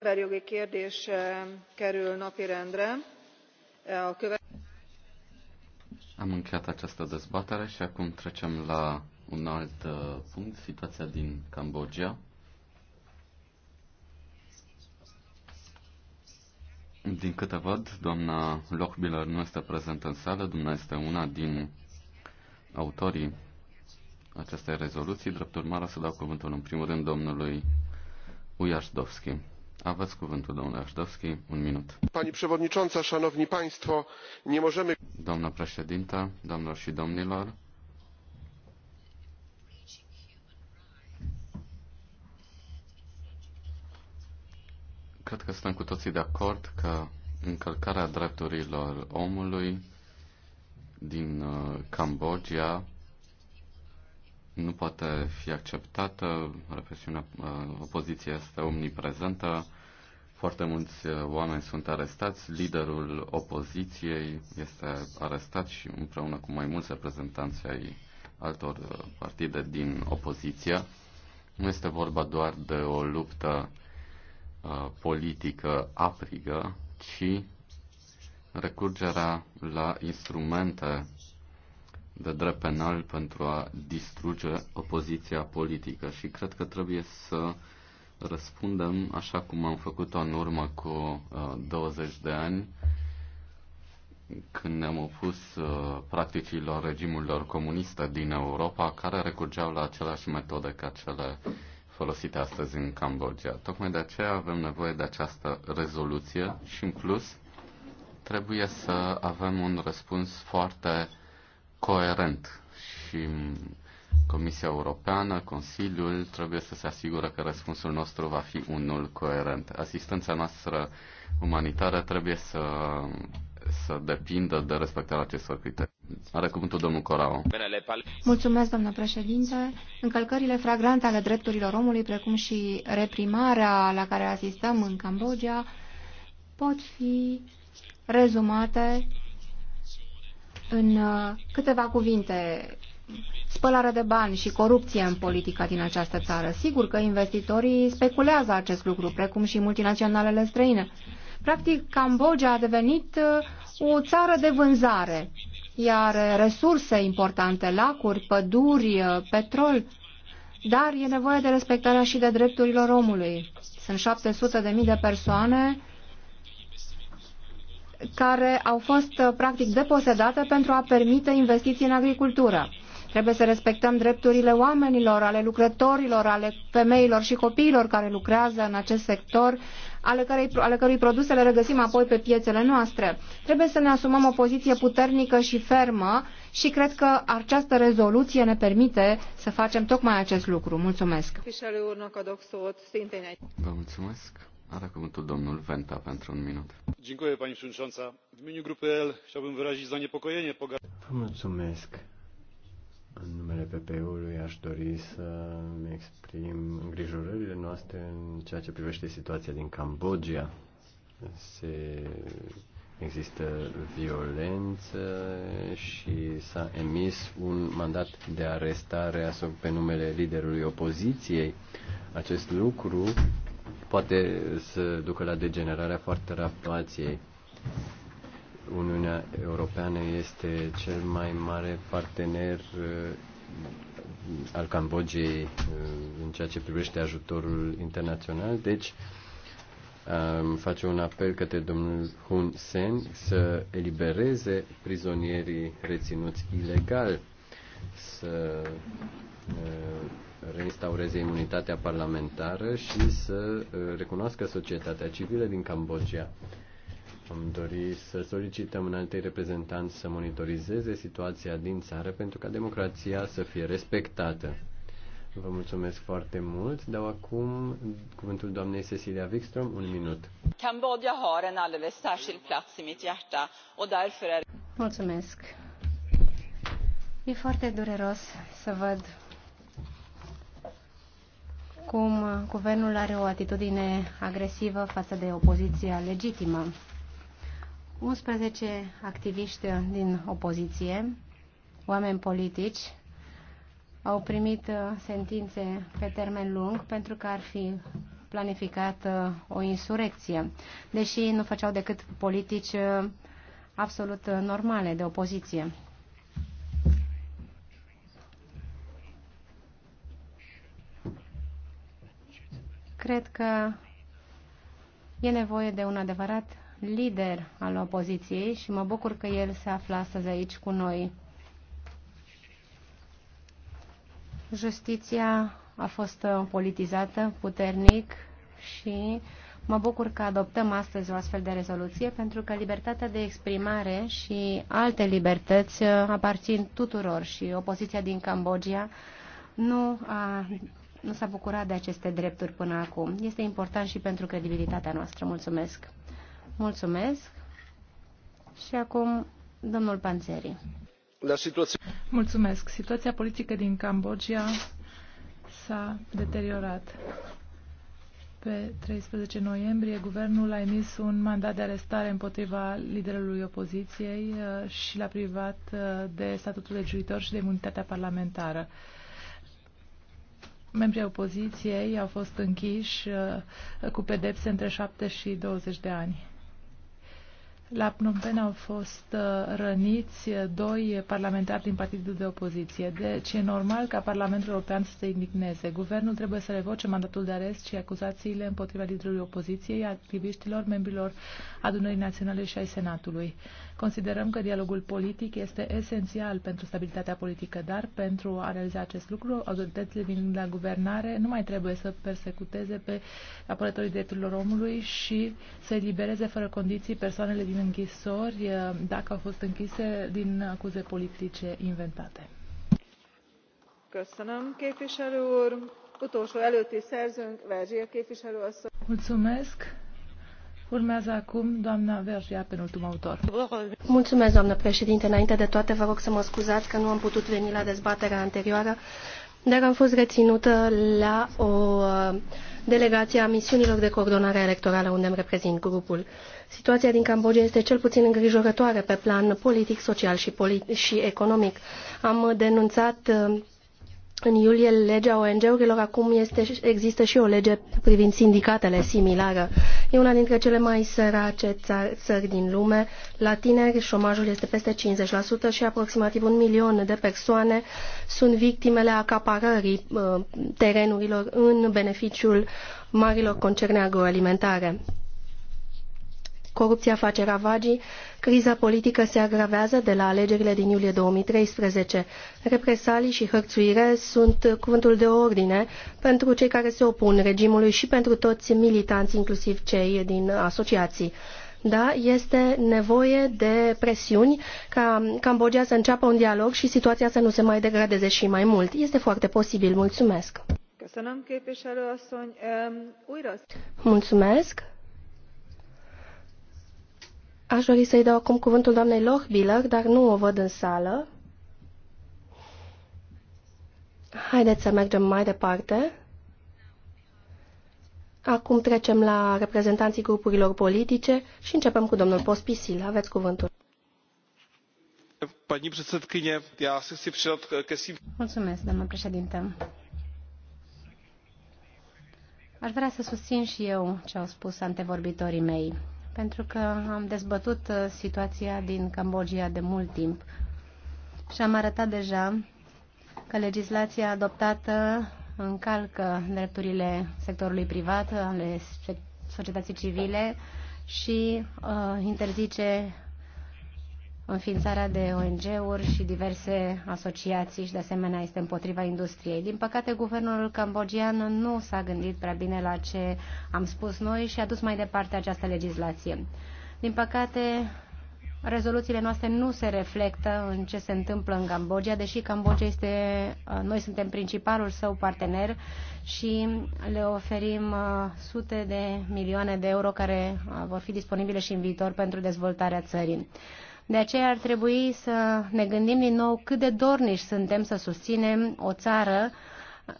emberjogi kérdés eh, kerül napirendre. Eh, Am încheiat această dezbatere și acum trecem la un alt eh, punct, situația din Cambodgia. Din câte văd, doamna Lochbiller nu este prezentă în sală, doamna este una din autorii acestei rezoluții. Drept urmare, să dau cuvântul în primul rând domnului Ujașdovski. Aveți cuvântul, domnule Așdovski, un minut. Pani przewodnicząca, szanowni państwo, nie możemy... Doamna președintă, doamnelor și domnilor, cred că suntem cu toții de acord că încălcarea drepturilor omului din uh, Cambodgia nu poate fi acceptată, represiunea uh, opoziției este omniprezentă, foarte mulți uh, oameni sunt arestați, liderul opoziției este arestat și împreună cu mai mulți reprezentanți ai altor uh, partide din opoziție. Nu este vorba doar de o luptă uh, politică aprigă, ci recurgerea la instrumente de drept penal pentru a distruge opoziția politică și cred că trebuie să răspundem așa cum am făcut-o în urmă cu uh, 20 de ani, când ne-am opus uh, practicilor regimurilor comuniste din Europa, care recurgeau la aceleași metode ca cele folosite astăzi în Cambodgia. Tocmai de aceea avem nevoie de această rezoluție și, în plus, trebuie să avem un răspuns foarte coerent și Comisia Europeană, Consiliul trebuie să se asigure că răspunsul nostru va fi unul coerent. Asistența noastră umanitară trebuie să, să depindă de respectarea acestor criterii. Are cuvântul domnul Corau. Mulțumesc, domnule președinte. Încălcările fragrante ale drepturilor omului, precum și reprimarea la care asistăm în Cambodgia, pot fi rezumate în uh, câteva cuvinte spălare de bani și corupție în politica din această țară. Sigur că investitorii speculează acest lucru, precum și multinaționalele străine. Practic, Cambodgia a devenit uh, o țară de vânzare, iar resurse importante, lacuri, păduri, uh, petrol, dar e nevoie de respectarea și de drepturilor omului. Sunt 700 de mii de persoane care au fost uh, practic deposedate pentru a permite investiții în agricultură. Trebuie să respectăm drepturile oamenilor, ale lucrătorilor, ale femeilor și copiilor care lucrează în acest sector, ale, cărei, ale cărui produse le regăsim apoi pe piețele noastre. Trebuie să ne asumăm o poziție puternică și fermă și cred că această rezoluție ne permite să facem tocmai acest lucru. Mulțumesc! Vă mulțumesc! Are cuvântul domnul Venta pentru un minut. Dziękuję pani przewodnicząca. W imieniu grupy L chciałbym wyrazić zaniepokojenie Mulțumesc. În numele PP-ului aș dori să exprim îngrijorările noastre în ceea ce privește situația din Cambodgia. Se există violență și s-a emis un mandat de arestare pe numele liderului opoziției. Acest lucru poate să ducă la degenerarea foarte rapid Uniunea Europeană este cel mai mare partener uh, al Cambodgiei uh, în ceea ce privește ajutorul internațional, deci face un apel către domnul Hun Sen să elibereze prizonierii reținuți ilegal, să uh, reinstaureze imunitatea parlamentară și să recunoască societatea civilă din Cambodgia. Am dori să solicităm în alte reprezentanți să monitorizeze situația din țară pentru ca democrația să fie respectată. Vă mulțumesc foarte mult. Dau acum cuvântul doamnei Cecilia Wikström, un minut. Cambodia har en alldeles särskild plats i mitt hjärta och därför är... Mulțumesc. E foarte dureros să văd cum guvernul are o atitudine agresivă față de opoziția legitimă. 11 activiști din opoziție, oameni politici, au primit uh, sentințe pe termen lung pentru că ar fi planificat uh, o insurecție, deși nu făceau decât politici uh, absolut normale de opoziție. Cred că E nevoie de un adevărat lider al opoziției și mă bucur că el se află astăzi aici cu noi. Justiția a fost politizată puternic și mă bucur că adoptăm astăzi o astfel de rezoluție pentru că libertatea de exprimare și alte libertăți aparțin tuturor și opoziția din Cambodgia nu a nu s-a bucurat de aceste drepturi până acum. Este important și pentru credibilitatea noastră. Mulțumesc! Mulțumesc! Și acum, domnul Panțeri. La situație... Mulțumesc! Situația politică din Cambodgia s-a deteriorat. Pe 13 noiembrie, guvernul a emis un mandat de arestare împotriva liderului opoziției uh, și l-a privat uh, de statutul de juritor și de imunitatea parlamentară membrii opoziției au fost închiși uh, cu pedepse între 7 și 20 de ani. La Phnom Penh au fost uh, răniți uh, doi parlamentari din partidul de opoziție. Deci e normal ca Parlamentul European să se indigneze. Guvernul trebuie să revoce mandatul de arest și acuzațiile împotriva liderului opoziției, activiștilor, membrilor adunării naționale și ai Senatului. Considerăm că dialogul politic este esențial pentru stabilitatea politică, dar pentru a realiza acest lucru, autoritățile din la guvernare nu mai trebuie să persecuteze pe apărătorii drepturilor omului și să elibereze fără condiții persoanele din închisori eh, dacă au fost închise din acuze politice inventate. Mulțumesc! Urmează acum doamna pe ultimul autor. Mulțumesc, doamnă președinte. Înainte de toate, vă rog să mă scuzați că nu am putut veni la dezbaterea anterioară, dar am fost reținută la o uh, delegație a misiunilor de coordonare electorală unde îmi reprezint grupul. Situația din Cambodgia este cel puțin îngrijorătoare pe plan politic, social și, polit și economic. Am denunțat uh, în iulie legea ONG-urilor, acum este, există și o lege privind sindicatele similară. E una dintre cele mai sărace țări din lume. La tineri șomajul este peste 50% și aproximativ un milion de persoane sunt victimele acaparării uh, terenurilor în beneficiul marilor concerne agroalimentare corupția face ravagii, criza politică se agravează de la alegerile din iulie 2013. Represalii și hărțuire sunt cuvântul de ordine pentru cei care se opun regimului și pentru toți militanți, inclusiv cei din asociații. Da, este nevoie de presiuni ca Cambodgia să înceapă un dialog și situația să nu se mai degradeze și mai mult. Este foarte posibil. Mulțumesc! Mulțumesc! Aș dori să-i dau acum cuvântul doamnei Lochbiller, dar nu o văd în sală. Haideți să mergem mai departe. Acum trecem la reprezentanții grupurilor politice și începem cu domnul Pospisil. Aveți cuvântul. Mulțumesc, doamnă președinte. Aș vrea să susțin și eu ce au spus antevorbitorii mei pentru că am dezbătut uh, situația din Cambodgia de mult timp și am arătat deja că legislația adoptată încalcă drepturile sectorului privat, ale societății civile și uh, interzice înființarea de ONG-uri și diverse asociații și de asemenea este împotriva industriei. Din păcate, guvernul cambogian nu s-a gândit prea bine la ce am spus noi și a dus mai departe această legislație. Din păcate, rezoluțiile noastre nu se reflectă în ce se întâmplă în Cambodgia, deși Cambodgia este, uh, noi suntem principalul său partener și le oferim uh, sute de milioane de euro care uh, vor fi disponibile și în viitor pentru dezvoltarea țării. De aceea ar trebui să ne gândim din nou cât de dorniși suntem să susținem o țară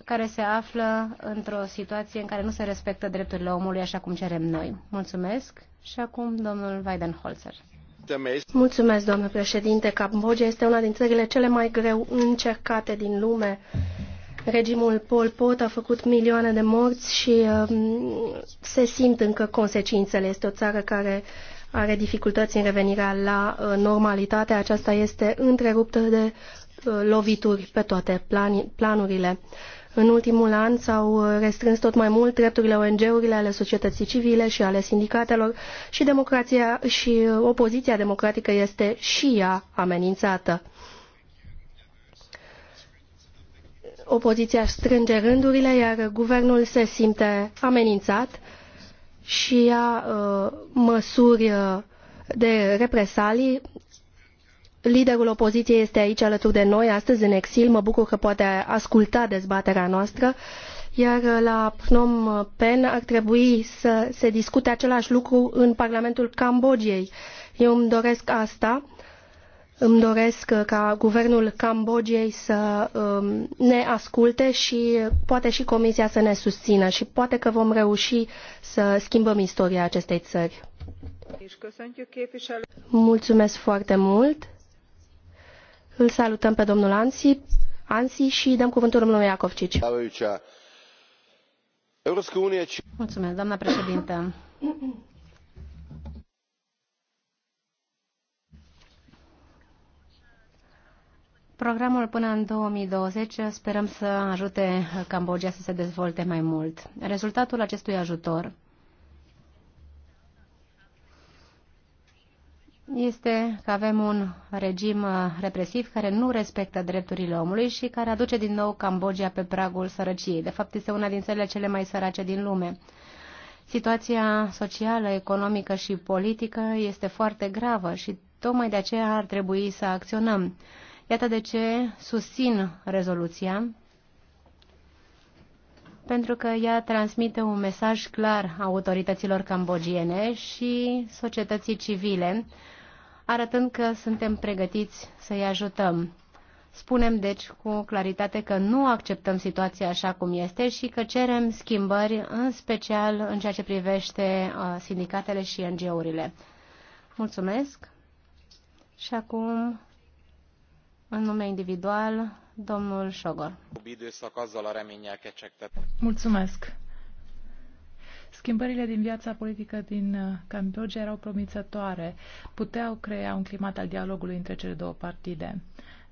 care se află într-o situație în care nu se respectă drepturile omului așa cum cerem noi. Mulțumesc și acum domnul Weidenholzer. Mulțumesc, domnule președinte. Cambodgia este una din țările cele mai greu încercate din lume. Regimul Pol Pot a făcut milioane de morți și uh, se simt încă consecințele. Este o țară care uh, are dificultăți în revenirea la uh, normalitate. Aceasta este întreruptă de uh, lovituri pe toate planurile. În ultimul an s-au uh, restrâns tot mai mult drepturile ONG-urile ale societății civile și ale sindicatelor și, democrația, și opoziția democratică este și ea amenințată. Opoziția strânge rândurile, iar guvernul se simte amenințat și ia uh, măsuri uh, de represalii. Liderul opoziției este aici alături de noi astăzi în exil. Mă bucur că poate asculta dezbaterea noastră. Iar uh, la Phnom Penh ar trebui să se discute același lucru în Parlamentul Cambodgiei. Eu îmi doresc asta îmi doresc ca guvernul Cambodgiei să um, ne asculte și poate și Comisia să ne susțină și poate că vom reuși să schimbăm istoria acestei țări. Mulțumesc foarte mult. Îl salutăm pe domnul Ansi, Ansi și dăm cuvântul domnului Iacovcici. Mulțumesc, doamna președintă. Programul până în 2020 sperăm să ajute Cambodgia să se dezvolte mai mult. Rezultatul acestui ajutor este că avem un regim represiv care nu respectă drepturile omului și care aduce din nou Cambodgia pe pragul sărăciei. De fapt, este una din țările cele mai sărace din lume. Situația socială, economică și politică este foarte gravă și tocmai de aceea ar trebui să acționăm. Iată de ce susțin rezoluția, pentru că ea transmite un mesaj clar autorităților cambogiene și societății civile, arătând că suntem pregătiți să-i ajutăm. Spunem deci cu claritate că nu acceptăm situația așa cum este și că cerem schimbări, în special în ceea ce privește uh, sindicatele și NGO-urile. Mulțumesc și acum în nume individual, domnul Șogor. Mulțumesc. Schimbările din viața politică din uh, Cambodgia erau promițătoare. Puteau crea un climat al dialogului între cele două partide.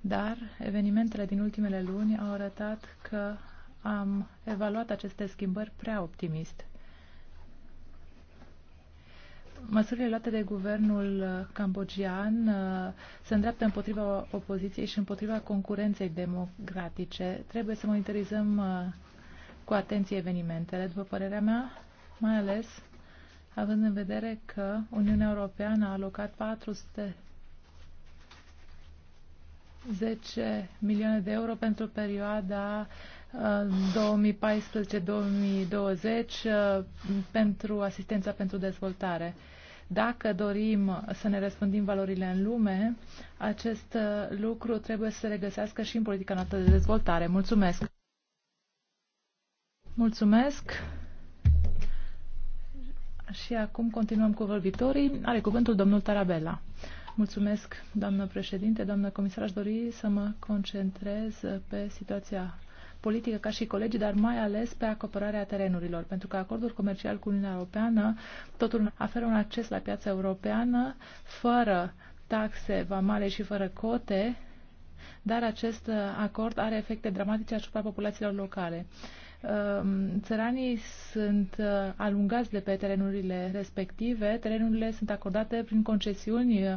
Dar evenimentele din ultimele luni au arătat că am evaluat aceste schimbări prea optimist. Măsurile luate de guvernul uh, cambogian uh, se îndreaptă împotriva opoziției și împotriva concurenței democratice. Trebuie să monitorizăm uh, cu atenție evenimentele, după părerea mea, mai ales având în vedere că Uniunea Europeană a alocat 410 milioane de euro pentru perioada 2014-2020 uh, pentru asistența pentru dezvoltare. Dacă dorim să ne răspândim valorile în lume, acest uh, lucru trebuie să se regăsească și în politica noastră de dezvoltare. Mulțumesc! Mulțumesc! Și acum continuăm cu vorbitorii. Are cuvântul domnul Tarabella. Mulțumesc, doamnă președinte, doamnă comisar. Aș dori să mă concentrez pe situația politică ca și colegii, dar mai ales pe acoperarea terenurilor, pentru că acordul comercial cu Uniunea Europeană totul aferă un acces la piața europeană fără taxe vamale și fără cote, dar acest acord are efecte dramatice asupra populațiilor locale. Um, țăranii sunt uh, alungați de pe terenurile respective, terenurile sunt acordate prin concesiuni uh,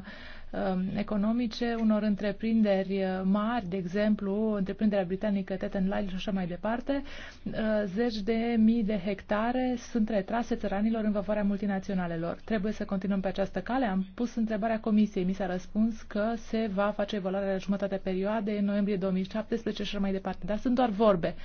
Um, economice unor întreprinderi uh, mari, de exemplu, întreprinderea britanică Teten Lyle și așa mai departe, uh, zeci de mii de hectare sunt retrase țăranilor în favoarea multinaționalelor. Trebuie să continuăm pe această cale. Am pus întrebarea comisiei. Mi s-a răspuns că se va face evaluarea la jumătatea perioade în noiembrie 2017 și așa mai departe. Dar sunt doar vorbe.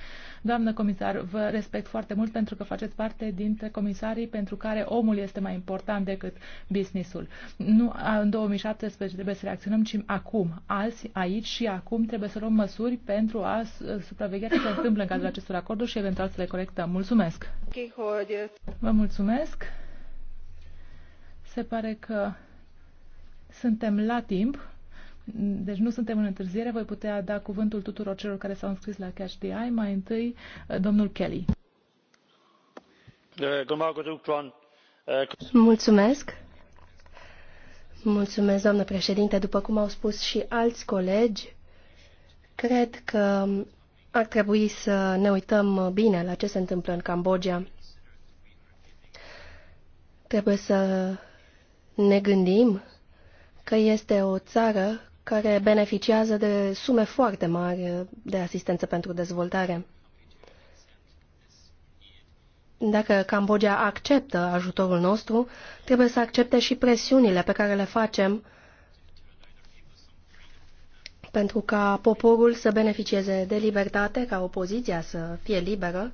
Doamnă comisar, vă respect foarte mult pentru că faceți parte dintre comisarii pentru care omul este mai important decât businessul. Nu, în 2017 2016 trebuie să reacționăm, ci acum, azi, aici și acum trebuie să luăm măsuri pentru a uh, supraveghea ce se întâmplă în cadrul acestor acorduri și eventual să le corectăm. Mulțumesc! Vă mulțumesc! Se pare că suntem la timp, deci nu suntem în întârziere. Voi putea da cuvântul tuturor celor care s-au înscris la Cash DI. Mai întâi, uh, domnul Kelly. Eh, eh, mulțumesc! Mulțumesc, doamnă președinte. După cum au spus și alți colegi, cred că ar trebui să ne uităm bine la ce se întâmplă în Cambodgia. Trebuie să ne gândim că este o țară care beneficiază de sume foarte mari de asistență pentru dezvoltare. Dacă Cambodgia acceptă ajutorul nostru, trebuie să accepte și presiunile pe care le facem pentru ca poporul să beneficieze de libertate, ca opoziția să fie liberă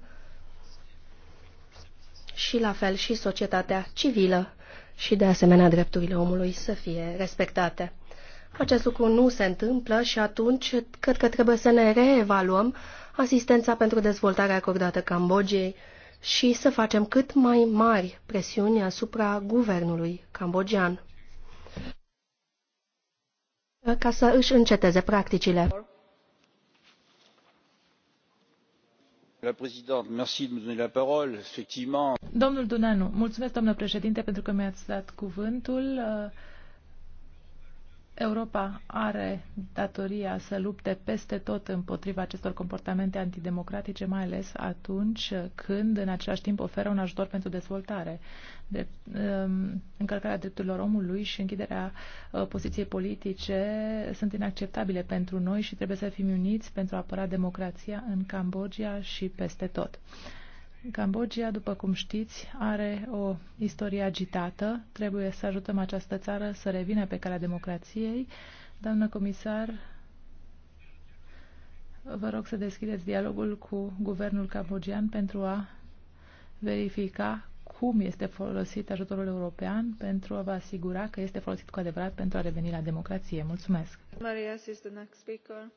și la fel și societatea civilă și de asemenea drepturile omului să fie respectate. Acest lucru nu se întâmplă și atunci cred că trebuie să ne reevaluăm asistența pentru dezvoltarea acordată Cambodgiei și să facem cât mai mari presiuni asupra guvernului cambogian ca să își înceteze practicile. Domnul Dunanu, mulțumesc, domnule președinte, pentru că mi-ați dat cuvântul. Europa are datoria să lupte peste tot împotriva acestor comportamente antidemocratice, mai ales atunci când în același timp oferă un ajutor pentru dezvoltare. De, um, încălcarea drepturilor omului și închiderea uh, poziției politice sunt inacceptabile pentru noi și trebuie să fim uniți pentru a apăra democrația în Cambodgia și peste tot. Uh, Cambodgia, după cum știți, are o istorie agitată. Trebuie să ajutăm această țară să revină pe calea democrației. Doamnă comisar, vă rog să deschideți dialogul cu guvernul cambodgian pentru a verifica cum este folosit ajutorul european pentru a vă asigura că este folosit cu adevărat pentru a reveni la democrație. Mulțumesc! Marias is the next speaker.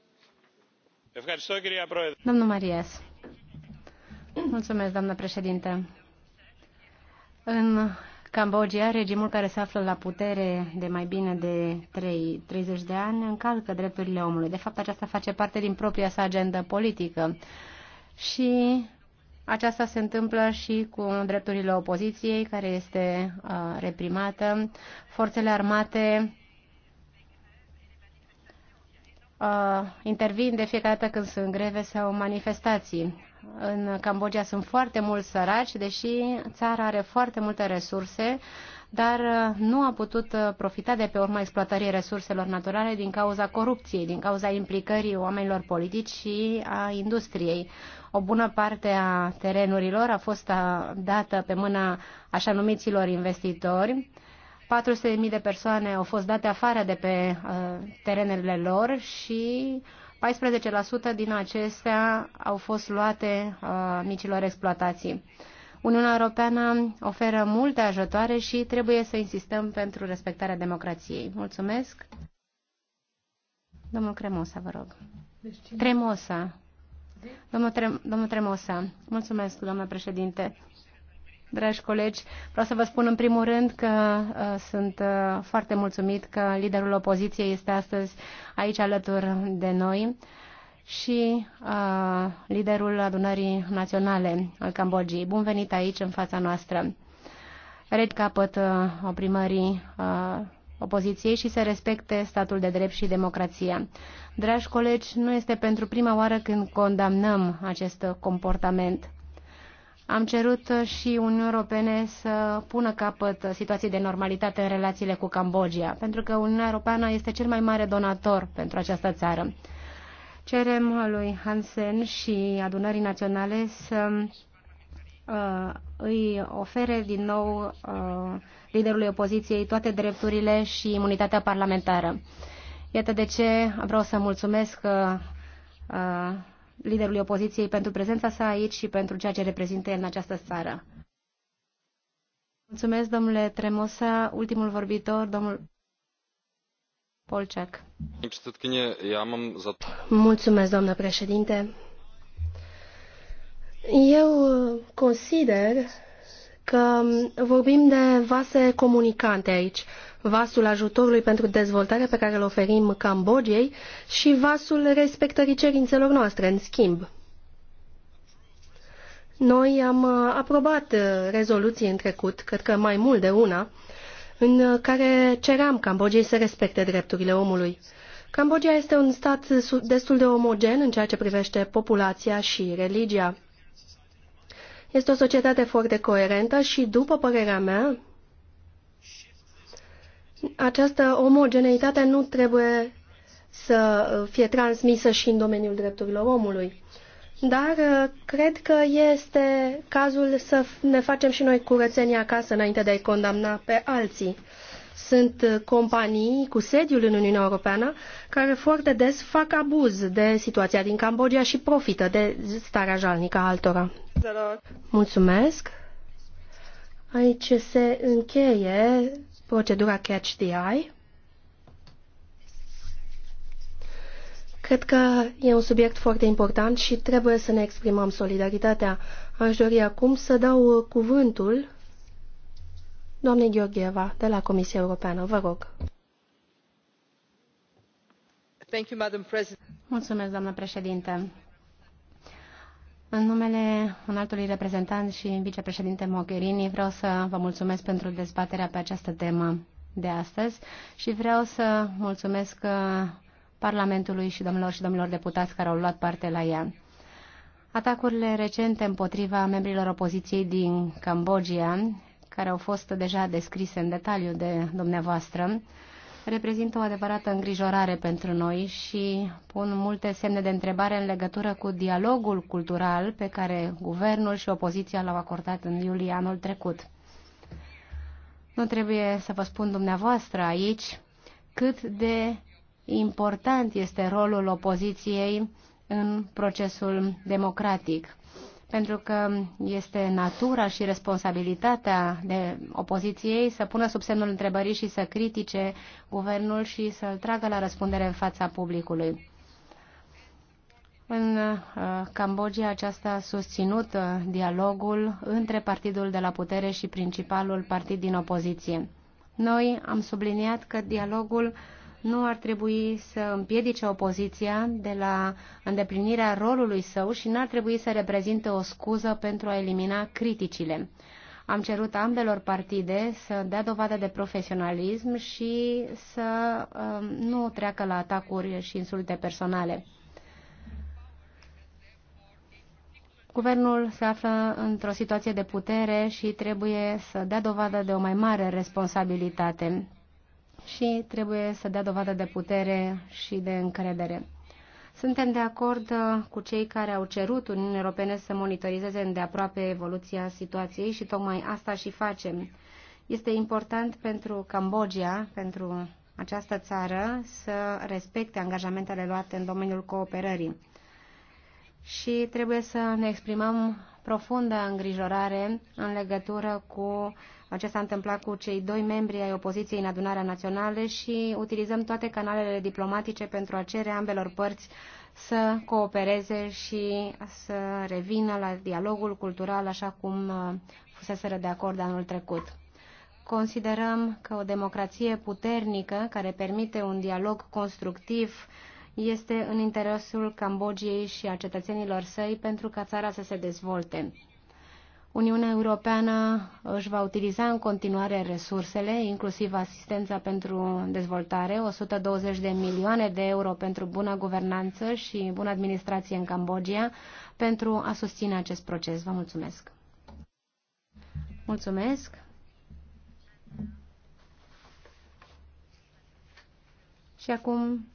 Domnul Marias, Mulțumesc, doamnă președinte. În Cambodgia, regimul care se află la putere de mai bine de 3, 30 de ani încalcă drepturile omului. De fapt, aceasta face parte din propria sa agendă politică. Și aceasta se întâmplă și cu drepturile opoziției, care este uh, reprimată. Forțele armate uh, intervin de fiecare dată când sunt greve sau manifestații. În Cambodgia sunt foarte mulți săraci, deși țara are foarte multe resurse, dar uh, nu a putut uh, profita de pe urma exploatării resurselor naturale din cauza corupției, din cauza implicării oamenilor politici și a industriei. O bună parte a terenurilor a fost uh, dată pe mâna așa numiților investitori. 400.000 de persoane au fost date afară de pe terenurile lor și uh, 14% din acestea au fost luate uh, micilor exploatații. Uniunea Europeană oferă multe ajutoare și trebuie să insistăm pentru respectarea democrației. Mulțumesc. Domnul Cremosa, vă rog. Tremosa, Domnul, Tre- domnul Tremosa. Mulțumesc, domnule președinte dragi colegi, vreau să vă spun în primul rând că uh, sunt uh, foarte mulțumit că liderul opoziției este astăzi aici alături de noi și uh, liderul adunării naționale al Cambodgiei. Bun venit aici, în fața noastră. Red capăt uh, primării uh, opoziției și să respecte statul de drept și democrația. Dragi colegi, nu este pentru prima oară când condamnăm acest comportament. Am cerut uh, și Uniunii Europene să pună capăt uh, situației de normalitate în relațiile cu Cambodgia, pentru că Uniunea Europeană este cel mai mare donator pentru această țară. Cerem uh, lui Hansen și adunării naționale să uh, îi ofere din nou uh, liderului opoziției toate drepturile și imunitatea parlamentară. Iată de ce vreau să mulțumesc uh, liderului opoziției pentru prezența sa aici și pentru ceea ce reprezintă el în această țară. Mulțumesc, domnule Tremosa. Ultimul vorbitor, domnul Polcec. Mulțumesc, doamnă președinte. Eu consider că vorbim de vase comunicante aici. Vasul ajutorului pentru dezvoltare pe care îl oferim Cambodgiei și vasul respectării cerințelor noastre, în schimb. Noi am aprobat rezoluții în trecut, cred că mai mult de una, în care ceream Cambodgiei să respecte drepturile omului. Cambodgia este un stat destul de omogen în ceea ce privește populația și religia. Este o societate foarte coerentă și, după părerea mea, această omogeneitate nu trebuie să fie transmisă și în domeniul drepturilor omului. Dar uh, cred că este cazul să ne facem și noi curățenia acasă înainte de a-i condamna pe alții. Sunt uh, companii cu sediul în Uniunea Europeană care foarte des fac abuz de situația din Cambodgia și profită de starea jalnică a altora. Mulțumesc! Aici se încheie procedura Catch the Eye. Cred că e un subiect foarte important și trebuie să ne exprimăm solidaritatea. Aș dori acum să dau cuvântul Doamne Gheorgheva, de la Comisia Europeană, vă rog. Mulțumesc, doamnă președinte. În numele înaltului reprezentant și vicepreședinte Mogherini vreau să vă mulțumesc pentru dezbaterea pe această temă de astăzi și vreau să mulțumesc uh, Parlamentului și domnilor și domnilor deputați care au luat parte la ea. Atacurile recente împotriva membrilor opoziției din Cambodgia care au fost deja descrise în detaliu de dumneavoastră, reprezintă o adevărată îngrijorare pentru noi și pun multe semne de întrebare în legătură cu dialogul cultural pe care guvernul și opoziția l-au acordat în iulie anul trecut. Nu trebuie să vă spun dumneavoastră aici cât de important este rolul opoziției în procesul democratic pentru că este natura și responsabilitatea de opoziției să pună sub semnul întrebării și să critique guvernul și să-l tragă la răspundere în fața publicului. În uh, Cambodgia aceasta a susținut uh, dialogul între partidul de la putere și principalul partid din opoziție. Noi am subliniat că dialogul uh, nu ar trebui să împiedice opoziția de la îndeplinirea rolului său și n-ar trebui să reprezinte o scuză pentru a elimina criticile. Am cerut ambelor partide să dea dovadă de profesionalism și să um, nu treacă la atacuri și insulte personale. Guvernul se află într-o situație de putere și trebuie să dea dovadă de o mai mare responsabilitate și trebuie să dea dovadă de putere și de încredere. Suntem de acord uh, cu cei care au cerut Uniunii Europene să monitorizeze îndeaproape evoluția situației și tocmai asta și facem. Este important pentru Cambodgia, pentru această țară, să respecte angajamentele luate în domeniul cooperării. Și trebuie să ne exprimăm profundă îngrijorare în legătură cu ce s-a întâmplat cu cei doi membri ai opoziției în adunarea națională și utilizăm toate canalele diplomatice pentru a cere ambelor părți să coopereze și să revină la dialogul cultural așa cum uh, fuseseră de acord anul trecut. Considerăm că o democrație puternică care permite un dialog constructiv este în interesul Cambodgiei și a cetățenilor săi pentru ca țara să se dezvolte. Uniunea Europeană își va utiliza în continuare resursele, inclusiv asistența pentru dezvoltare, 120 de milioane de euro pentru bună guvernanță și bună administrație în Cambodgia, pentru a susține acest proces. Vă mulțumesc! Mulțumesc! Și acum